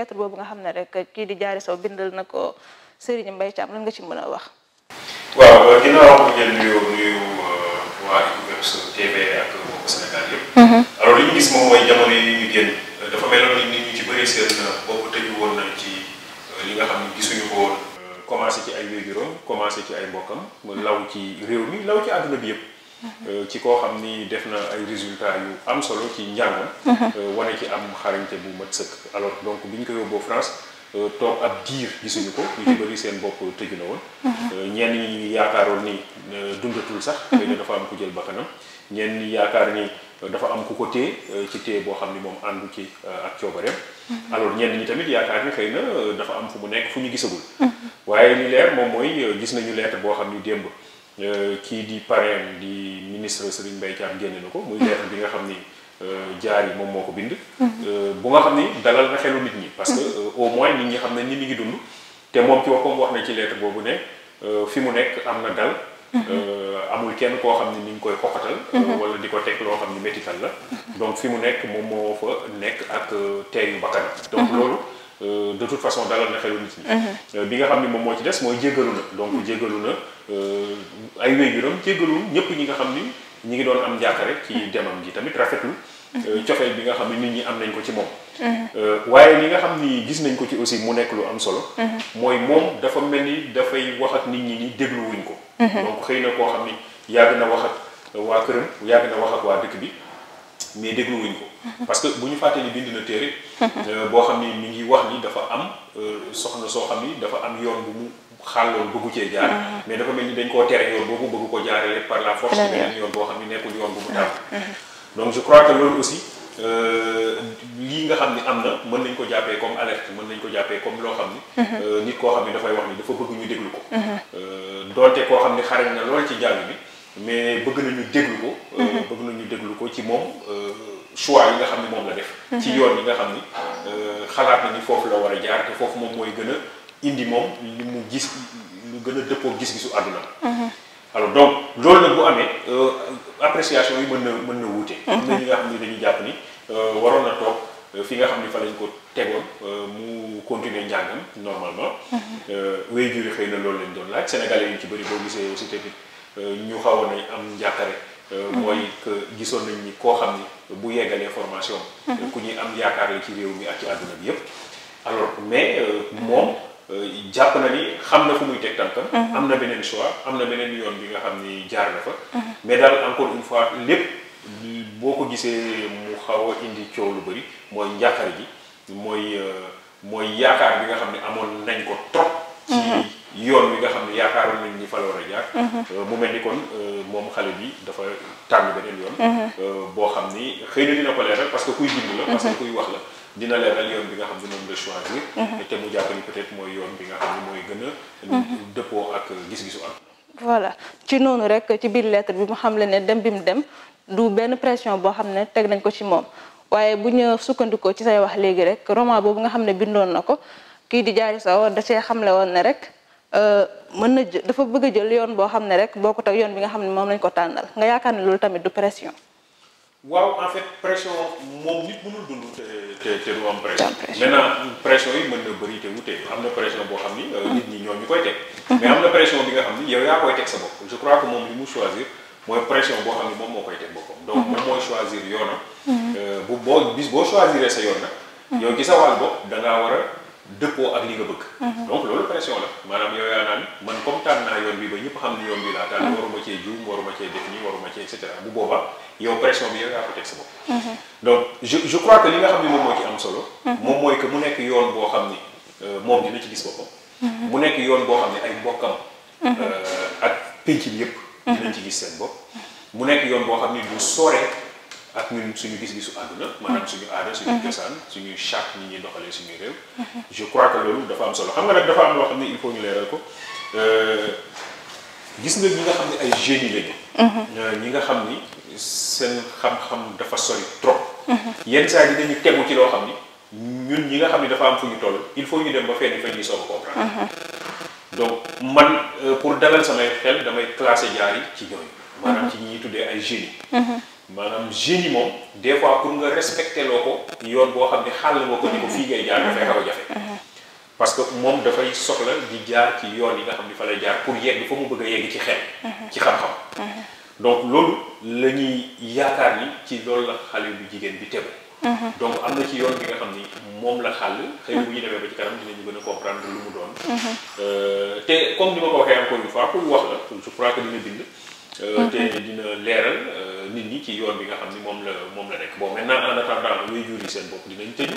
ci boobu nga xam ne rek kii di Diary Sow bindal na ko Serigne Mbaye Thiam lan nga ci mën a wax. waaw euh, ginnaaw bu ñu nuyu nuyu euh, waa Equivox TV ak mbokku mhm. moom mooy jamono yi ñu génn dafa meloon ni ñu ci bëri seen euh, bopp tëju woon nañ ci li nga xam gisuñu ko woon. commencé ci ay wéy juróom commencé ci ay mbokkam law ci réew mi law ci àdduna bi yëpp. Euh, ci koo xam ni def na ay résultats yu am solo ci njàngam. Mhm. Euh, wane ci am xarañte bu mat sëkk. alors donc bi ñu ko yóbboo France euh, toog ab diir gisuñu ko. Mhm. ñu ci seen bopp tëju na woon. Mhm. ñenn ñi yaakaaroon ni dundatul sax. xëy na dafa am ku jël bakkanam. ñenn ñi yaakaar ni dafa am ku ko téye ci téye boo xam ni moom àndu ci ak coobareem. alors ñenn ñi tamit yaakaar ni xëy na dafa am fu mu nekk fu ñu gisagul. waaye li leer moom mooy gis nañu lettre boo xam ni démb. Euh, kii di parrain di ministre Serigne Mbaye Thiam génne na ko muy lettre bi nga xam ni euh, jaar yi moom moo ko bind mhm. euh, bu nga xam ni dalal na xelu nit ñi parce que mhm. au moins nit ñi xam ne ni mi ngi dund te moom ci wax na ci leet boobu ne fi mu nekk am na dal mhm. amul kenn koo xam ne ni ngi koy xoxatal wala di ko teg loo xam ne métital la donc fi mu nekk moom moo fa nekk ak teeyu bakkan donc loolu Euh, de toute façon dalal na xelu nit ñi euh, bi nga xam ne moom moo ci des mooy jéggalu na donc jéggalu na euh, ay wéyjuram jéggalu ñëpp ñi nga xam ni ñi ngi doon am njàqare ci demam ji tamit rafetlu cofeel bi nga xam ne nit ñi am nañ ko ci moom waaye li nga xam ni gis nañ ko ci aussi mu nekk lu am solo mooy moom dafa mel ni dafay waxat ak nit ñi ni dégluwuñ ko donc xëy na koo xam ni yàgg na wax ak waa këram yàgg na wax waa dëkk bi mais déglu wuñ ko. parce que bu ñu fàtte ni bind na téere. Euh, boo xam ni mi ngi wax ni dafa am euh, soxna soo xam ni dafa am yoon bu mu xàlloon bëggu cee jaar. Mm-hmm. mais dafa mel ni dañ koo tere yoon boobu bëgg ko jaaree par la force. beneen yoon boo xam ni nekkul yoon bu mu tàmm. Mm-hmm. donc je crois que loolu aussi. Euh, nga xam ni am na mën nañ ko jàppee comme alerte mën nañ ko jàppee comme loo xam ni. Mm-hmm. nit koo xam ni dafay wax ni dafa bëgg ñu déglu ko. doonte koo xam ni xarañ na lool ci jàng bi. mais bëgg nañu déglu ko. Mm-hmm. Euh, bëgg nañu déglu ko ci moom euh, choix yi nga xam ne moom la def. Mm-hmm. ci yoon yi nga xam ni euh, xalaat na ni foofu la war a jaar te foofu moom mooy gën a indi moom li mu gis lu gën a dëppoo gis-gisu àdduna. Mm-hmm. alors donc loolu nag mu amee appréciation yi mën na mën na wuute. am na ñi nga xam ne dañu jàpp ni waroon na toog fi nga xam ni fa lañ ko tegoon mu continuer njàngam normalement. wéy juri xëy na loolu lañ doon laaj sénégalais yu ci bëri boo gisee aussi tamit. ñu xawoon nañ am njàqare euh, mooy mm-hmm. gisoon nañ ni koo xam ni bu yeggalee formation mm-hmm. ku ñuy am yaakaar la ci réew mi ak ci àdduna bi yëpp alors mais euh, moom euh, jàpp na ni xam na fu muy teg tànkam mm-hmm. am na beneen choix am na beneen yoon bi nga xam ni jaar na fa mais daal encore une fois lépp boo ko gisee mu xaw a indi coow lu bëri mooy njàqare ji mooy mooy yaakaar bi nga xam ne amoon nañ ko trop ci yoon wi nga xam ne yaakaaroon nañ ñi fa la war a jaar mhm. euh, mu mel ni kon euh, moom xale bi dafa tànn beneen yoon mhm. euh, boo xam ni xëy na dina ko leeral parce que kuy bind la parce que mhm. kuy wax la dina leeral yoon bi nga xam ne mooy yoon dëppoo ak gis-gisu am voilà ci noonu rek ci biir lettre bi mu xam le ne dem bi mu dem du benn pression boo xam ne teg nañ ko ci moom waaye bu ñu sukkandikoo ci say wax léegi rek roman boobu nga xam ne bindoon na ko kii di jaari saw da see xamle woon ne rek Euh, mën na dafa bëgg a jël yoon boo xam ne rek boo ko teg yoon bi nga xam ne moom lañ ko tànnal nga yaakaar ne loolu tamit du pression. waaw en fait pression moom nit mu dund te te te du am pression. maintenant pression yi am na pression boo xam ni. Euh, nit ñi ñoo ñu koy teg. mais am na pression bi nga xam ni yow yaa koy teg sa bopp je crois que moom li mu choisir. mooy pression boo xam ne moom moo koy teg boppam. donc mhm. moom mooy choisir yoonam. Mhm. Euh, boo bis boo choisiree sa yoon nag. Mhm. yow ci sa wàll a. dëppoo ak li nga bëgg. Mhm. donc loolu pression la maanaam yow yaa naan man comme tànn naa yoon bi ba ñëpp xam ni yoon bi laa tànn. Mhm. waruma cee juum waruma cee def nii waruma cee et cetera bu boobaa yow pression bi yow yaa ko teg sa bopp. Mhm. donc je je crois que li nga xam ne moom moo ci am solo. moom mooy que mu nekk yoon boo xam ni euh, moom dina ci gis boppam. mu nekk yoon boo xam ne ay mbokkam. Euh, ak pénc bi yëpp. dinañ ci gis seen bopp. mu nekk yoon boo xam ni du sore. ak ñun suñu gis-gisu àdduna mm-hmm. maanaam suñu aada suñu mm-hmm. cosaan suñu charte ñi ñuy doxalee suñu réew mm-hmm. je crois que loolu dafa am solo xam nga nag dafa am loo xam ne il faut ñu leeral ko euh, gis nga ñi nga xam ne ay génie lañu euh, ñi nga xam ni seen xam-xam dafa sori trop yenn saa yi dañu tegu ci loo xam ni ñun ñi nga xam ne dafa am fu ñu toll il faut ñu dem ba fenn fa ñuy soog a comprendre donc man euh, pour dalal samay xel damay classé jaar yi ci ñooñu maanaam ci ñi tuddee ay génie maanaam génie moom des fois pour nga respecté loo ko yoon boo xam ne xàll nga ko ni ko fii ngay jaar dafay xaw a parce que moom dafay soxla di jaar ci yoon yi nga xam ne fa lay jaar pour yegg fa mu bëgg a yegg ci xel ci xam-xam donc loolu la ñuy yaakaar ni ci loolu la xale bu jigéen bi tegu donc am na ci yoon bi nga xam ni moom la xàll xëy bu ñu demee ba ci kanam dinañu gën a comprendre lu mu doon euh, te comme ni ma ko waxee encore une fois pour wax la je dina bind euh, te dina euh, nit ñi ci yoon bi nga xam ni moom la moom la nekk bon maintenant en attendant luy jur yi seen bopp dinañ tëju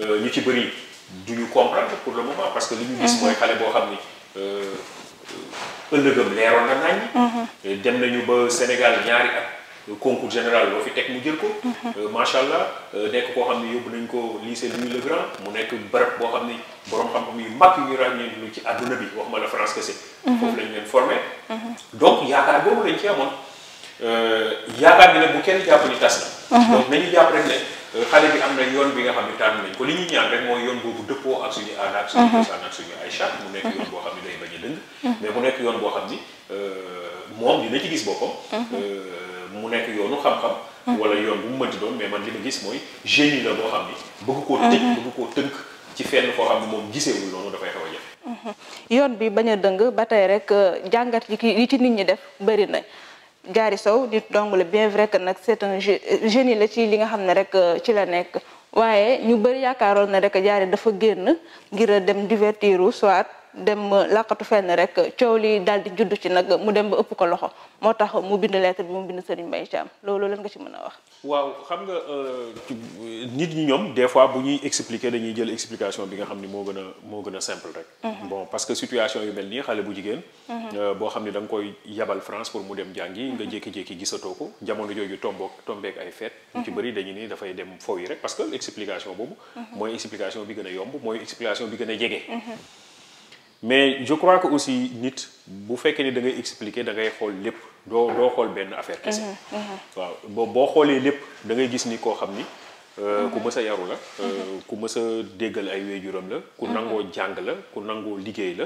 euh, ñu ci bëri duñu comprendre pour le moment parce que li ñu gis mooy xale boo xam ni euh, ëllëgëm leeroon na nañ dem nañu ba Sénégal ñaari at concours général loo fi teg mu jël ko euh, macha allah nekk koo xam ne yóbbu nañ ko lycée Louis le Grand mu nekk bërëb boo xam ni borom xam-xam yu mag yu ñu ràññee lu ci àdduna bi wax ma la France kese mhm. leen formé donc yaakaar Euh, yaakaar bi ne bu kenn jàpp ni tas na. Uh-huh. donc nañu jàpp rek ne euh, xale bi am na yoon bi nga xam ne tànn nañ ko li ñuy ñaan rek mooy yoon boobu dëppoo ak suñu aada suñu uh-huh. cosaan ak suñu ay charte mu nekk yoon boo xam ne a dëng uh-huh. mais mu nekk yoon boo xam ni euh, moom dina ci gis boppam mu nekk yoonu xam-xam wala yoon bu mu mënti doon mais man li ma gis mooy jeunes yi la boo xam ni bëgg koo tëj bëgg koo tënk ci fenn foo xam ne moom giseewul noonu dafay xaw a jafe yoon bi bañ a dëng ba tey rek jàngat yi ci nit ñi def bëri na Diary Sow nit dong la bien vrai que nag c'est un génie la ci li nga xam ne rek euh, ci la nekk waaye ñu bëri yaakaaroon na rek Diary dafa génn ngir a dem divertiru soit dem làqatu fenn rek coow li daal di juddu ci nag mu dem ba ëpp ko loxo moo tax mu bind lettre bi mu bind Serigne Mbaye Thiam loolu lan nga ci mën a wax. waaw xam nga euh, nit ñi ñoom des fois bu ñuy expliquer dañuy jël explication bi nga xam ni moo gën a moo gën a simple rek. Mhm. bon parce que situation yu mel nii xale bu jigéen. Mhm. Euh, boo xam ni da koy yabal France pour mu dem jàngi. nga mhm. jékki-jékki gisatoo ko jamono jooju tomboog tombeek ay fête. ci bëri dañu ni dafay dem foofu yi rek parce que explication boobu. mooy explication bi gën a yomb mooy explication bi gën a jege. mais je crois que aussi nit bu fekkee ni da ngay expliquer da xool lépp doo doo xool benn affaire kese bo mhm, mhm. boo boo xoolee lépp dangay gis ni koo xam ni euh, ku mës a yaru la euh, mhm. ku mës a déggal ay wéejuram la ku nangoo jàng la ku nangoo liggéey la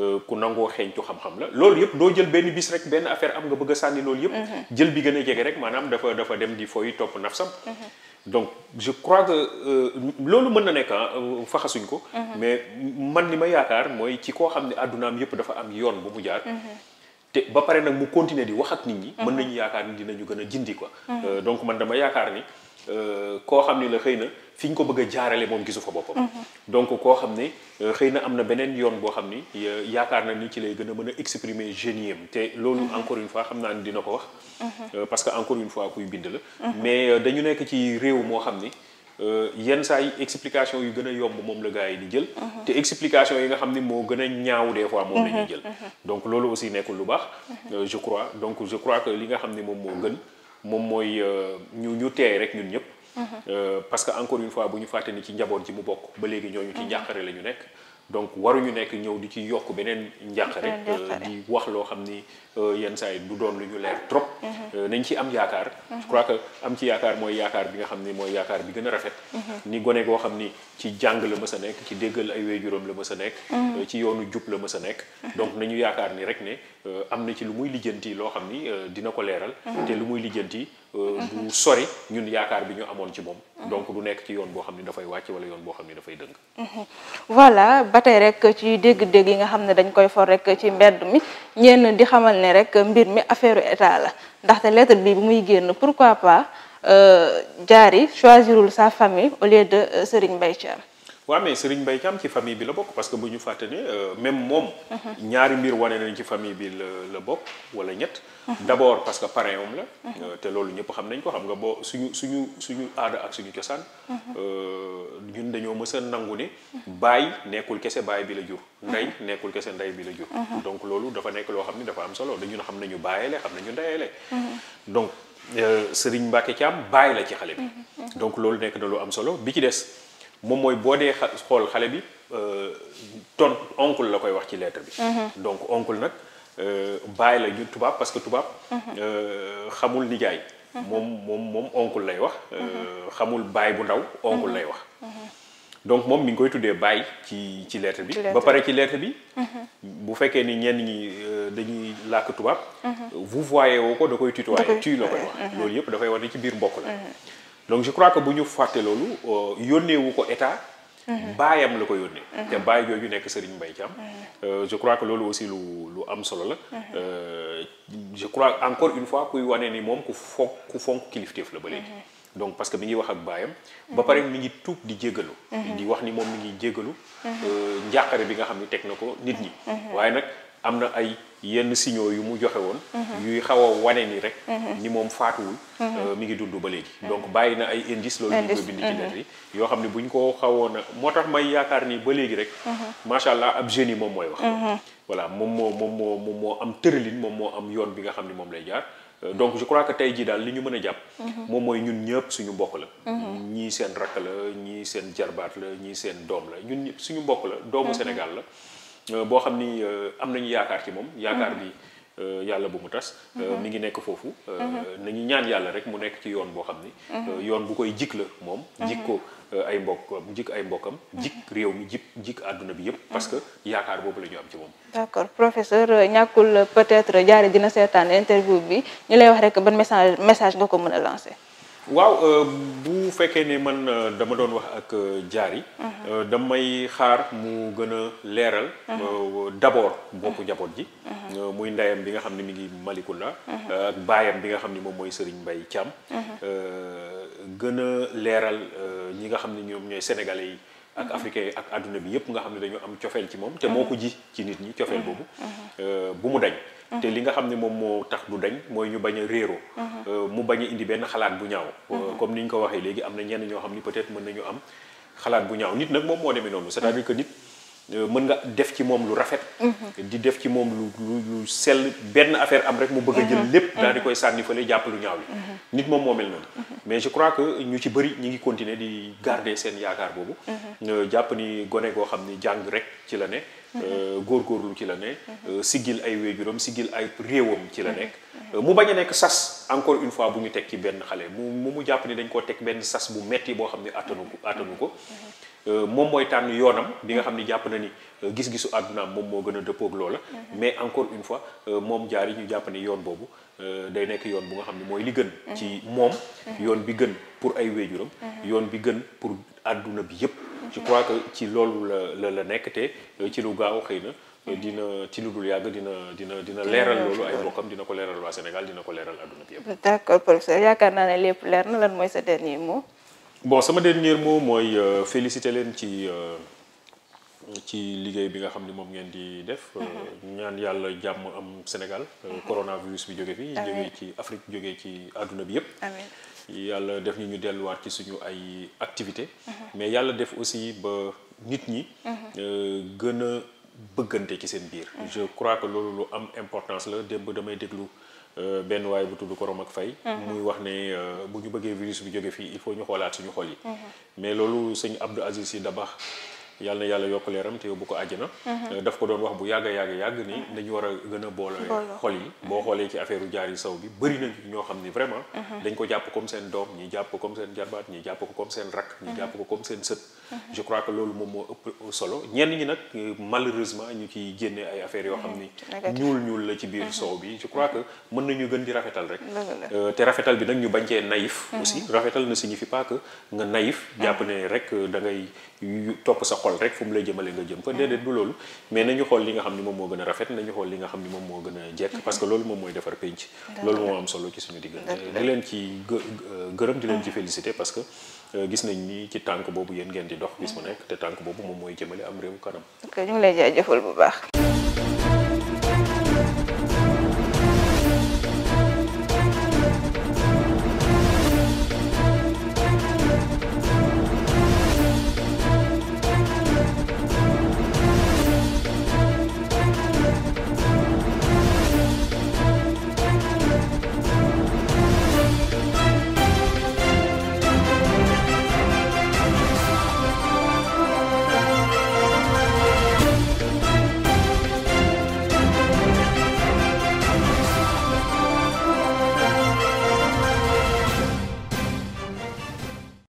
euh, ku nangoo xeeñtu xam-xam la loolu yëpp doo jël benn bis rek benn affaire am nga bëgg a sànni loolu yëpp jël bi gën a jege rek maanaam dafa dafa dem di fooy topp nafsam donc je crois que euh, loolu mën na nekk euh, faxasuñ ko. Mhm. mais man ni ma yaakaar mooy ci koo xam ne àddunaam yëpp dafa am yoon bu mu jaar. Mhm. te ba pare nag mu continuer di wax ak nit ñi. Mhm. mën nañu yaakaar ni dinañu gën a jindi quoi. Euh, donc man dama yaakaar ni. Euh, koo xam ni la xëy na fi ñu ko bëgg a jaarale moom gisu fa boppam. Mhm. donc koo xam ne euh, xëy na am na beneen yoon boo xam ni yaakaar na ni ci lay gën a mën a exprimer génieem te loolu mhm. encore une fois xam naa ni dina ko wax. Mhm. Euh, parce que encore une fois kuy bind la. mais dañu nekk ci réew moo xam ni. yenn saa yi explication yu gën a yomb moom la yi di jël. te explication yi nga xam ni moo gën a ñaaw des fois moom la ñuy jël. donc loolu aussi nekkul lu baax. je crois donc je crois que li nga xam ni moom moo gën. moom mooy euh, ñu ñu teey rek ñun ñëpp. Mhm. Euh, parce que encore une fois bu ñu fàtte ci njaboot ji mu bokk. ba léegi ñooñu ci mhm. njàqare la ñu nekk. donc waruñu nekk ñëw di ci yokk beneen njàqare euh, di wax loo xam ni Euh, yenn saa yi du doon lu ñu leer trop. Mhm. Euh, nañ ci am yaakaar. je que am ci yaakaar mooy yaakaar bi nga xam ni mooy yaakaar bi gën a rafet. Mhm. ni gone goo xam ni ci jàng la a nekk ci déggal ay waajuram la mës nekk. Mhm. Euh, ci yoonu jub la mës a nekk. donc nañu yaakaar ni rek ne am na ci lu muy lijjanti loo xam ni dina ko leeral. te lu muy lijjanti. du sori ñun yaakaar bi ñu amoon ci moom. donc du nekk ci yoon boo xam ne dafay wàcc wala yoon boo xam ne dafay dëng. voilà ba tey rek ci dégg-dégg yi nga xam ne dañ koy for rek ci mbedd mi ñenn di xamal ne rek mbir mi affaire état la ndaxte lettre bi bu muy génn pourquoi pas jaari euh, choisirul sa famille au lieu de euh, Serigne Mbaye Thiam waaw mais Serigne Mbaye Thiam ci famille bi la bokk parce que bu ñu fàtte ne euh, même moom. ñaari mbir wane nañ ci famille bi la bokk wala ñett. d'abord parce que parrain am la. Euh, te loolu ñëpp xam nañ ko xam nga boo suñu suñu suñu aada ak suñu cosaan. Euh, ñun dañoo mës nangu ne baay nekkul kese baay bi la jur. ndey nekkul kese ndey bi la jur. donc loolu dafa nekk loo xam ne dafa am solo dañu xam nañu bàyyele xam nañu le donc Serigne Mbacké Thiam bàyyi la ci xale donc loolu nekk na lu am solo bi ci des. moom mooy boo dee xool xale bi euh, ton oncle la koy wax ci lettre bi. Mhm. donc oncle nag euh, bàyyi la ñu tubaab parce que tubaab. Mhm. Euh, xamul nijaay. Mhm. moom moom moom oncle lay wax. xamul baay bu ndaw oncle lay wax. donc moom mi ngi koy tuddee baay ci ci lettre bi. ba pare ci lettre bi. bu fekkee ni ñenn ñi dañuy làkk tubaab. vous voyez woo ko da koy tutoyer. tuy la koy wax loolu yëpp dafay wane ci biir mbokk la. donc je crois que bu ñu fàtte loolu euh, yónnee wu ko état. Mhm. baayam la ko yónnee. Mhm. te baay jooju nekk Serigne mbay Thiam. Mhm. Euh, je crois que loolu aussi lu lu am solo la. Euh, je crois encore une fois kuy wanee ni moom ku fonk ku fonk kilifteef la ba léegi. donc parce que mi ngi wax ak baayam. ba pare mi ngi tuub di jéggalu. di wax ni moom mi ngi jéggalu. njàqare bi nga xam ni teg na ko nit ñi. waaye nag. am na ay yenn signaux yu mu joxe woon. Mhm. yuy xaw a wane ni rek. Mhm. ni moom faatuwul. Mhm. Euh, mi ngi dund ba léegi. donc bàyyi na ay indice loolu ñu koy bind ci lettre yi. yoo xam ne bu ñu ko xawoon a moo tax may yaakaar ni ba léegi rek. macha allah ab génie moom mooy wax. voilà moom moo moo moom moo am tëralin moom moo am yoon bi nga xam ne moom lay jaar. Euh, donc je crois que tey jii daal li ñu mën a jàpp. moom mooy ñun ñëpp suñu mbokk la. ñii seen rakk la ñii seen jarbaat la ñii seen doom la ñun ñëpp suñu mbokk doomu Sénégal la. Euh, boo xam ni euh, am nañu yaakaar ci moom mhm. yaakaar bi euh, yàlla bu mu tas mu mhm. ngi nekk foofu mhm. na ñu ñaan yàlla rek mu nekk ci yoon boo xam ni yoon bu koy jik la moom jik ko ay mbokk jik ay mbokkam jik réew mi jik jik àdduna bi yépp parce que yaakaar boobu la ñu am ci moom d'accord professeur ñàkkul peut-être jaare dina seetaan interview bi ñu lay wax rek ban message message nga ko mën a lancer waaw euh, bu fekkee ne man euh, dama doon wax ak jaar euh, Diary mhm. damay xaar mu gën a leeral mhm. d'abord bokku mhm. njaboot ji muy ndeyam bi nga xam ne mi ngi maliku ak baayam bi nga xam ne moom mooy Serigne Mbaye Thiam gën a leeral ñi nga xam ne ñoom ñooy sénégalais yi ak africain yi ak àdduna bi yëpp nga xam ne dañu am cofeel ci moom te moo ko ji ci nit ñi cofeel boobu bu mu dañ te li nga xam ne moom moo tax du dañ mooy ñu bañ a réeroo euh, mu bañ a indi benn xalaat bu ñaaw euh, mhm. comme ni ñu ko waxee léegi am na ñenn ñoo xam ni peut-être mën nañu am xalaat bu ñaaw nit nag moom moo demee noonu c'est-à-dire que nit Euh, mën nga def ci moom lu rafet. Mhm. di def ci moom lu lu lu benn affaire am rek mu bëgg a jël mhm. lépp. daal di mhm. koy sànni fële jàpp lu ñaaw li nit moom moo mel noonu. mais je crois que ñu ci bëri ñu ngi continuer di garder seen yaakaar boobu. Euh, jàpp ni gone goo xam ni jàng rek ci la ne. Euh, góorgóorlu ci la ne. siggil ay wéjuram siggil ay réewam ci la nekk. mu bañ a nekk sas encore une fois bu ñu teg ci benn xale mu mu jàpp ni dañ koo teg benn sas bu metti boo xam ne attanu ko attanu ko. Euh, moom mooy tànn yoonam bi nga xam ni jàpp na ni euh, gis-gisu àddunaam moom moo gën a dëppoog loola mhm. mais encore une fois euh, moom jaar yi ñu jàpp ni yoon boobu day nekk yoon bu nga xam ne mooy li gën mhm. ci moom mhm. yoon bi gën pour ay wéejuram yoon bi gën pour àdduna bi yépp je crois que ci loolu la la la nekk ci lu gaaw xëy na dina ci lu dul yàgg dina dina dina leeral loolu ay bokkam dina ko leeral waa Sénégal dina ko leeral àdduna bi yëpp. d'accord professeur yaakaar naa ne lépp leer na lan mooy sa dernier mot. bon sama dernier moom mooy euh, féliciter leen ci euh, ci liggéey bi nga xam ni moom ngeen di def. Euh, mhm. ñaan yàlla jàmm am Sénégal. Mhm. coronavirus bi jóge fi. jóge ci Afrique jóge ci àdduna bi yépp. yàlla def ñu ñu delluwaat ci suñu ay activité mhm. mais yàlla def aussi ba nit ñi. gën a bëggante ci seen biir. je crois que loolu lu am importance la démb damay déglu. Euh, benn waay bu tudd Korom ak Faye mhm. muy wax ne euh, bu ñu bëggee virus bi jóge fii il faut ñu xoolaat suñu xol yi mhm. mais loolu sëñ Abdou Aziz Sy Dabakh yàlla yàlla yokk leeram te yóbbu ko na mhm. euh, daf ko doon wax bu yàgg yàgg yàgg ni mhm. dañu war a gën a boole xool yi mhm. boo xoolee ci affaire u yi Sow bi bëri nañ ñoo xam ni vraiment dañ ko jàpp comme seen doom ñi jàpp ko comme seen jarbaat ñi jàpp ko comme seen rak ñi jàpp ko comme seen sët je que loolu moom moo ëpp solo ñenn ñi nag euh, malheureusement ñu ciy génnee ay affaires yoo xam ni ñuul ñuul la ci biir soow bi je crois que mën nañu gën di rafetal rek euh, te rafetal bi nag ñu bañ cee naïf aussi rafetal na ne signifie pas que nga naïf jàpp ne rek da ngay topp sa xol rek fu mu lay jëmale nga jëm fa déedéet du loolu mais nañu xool li nga xam ni moom moo gën a rafet nañu xool nga xam ni moom moo gën a jekk parce que loolu moom mooy defar pénc loolu moo am solo ci suñu diggante di leen ci gërëm di leen ci félicité parce que euh, gis nañ ni ci tànk boobu yéen ngeen di dox bis bu nekk te tànk boobu moom mooy jëmale am réew kanam ñu ngi lay jaajëfal bu baax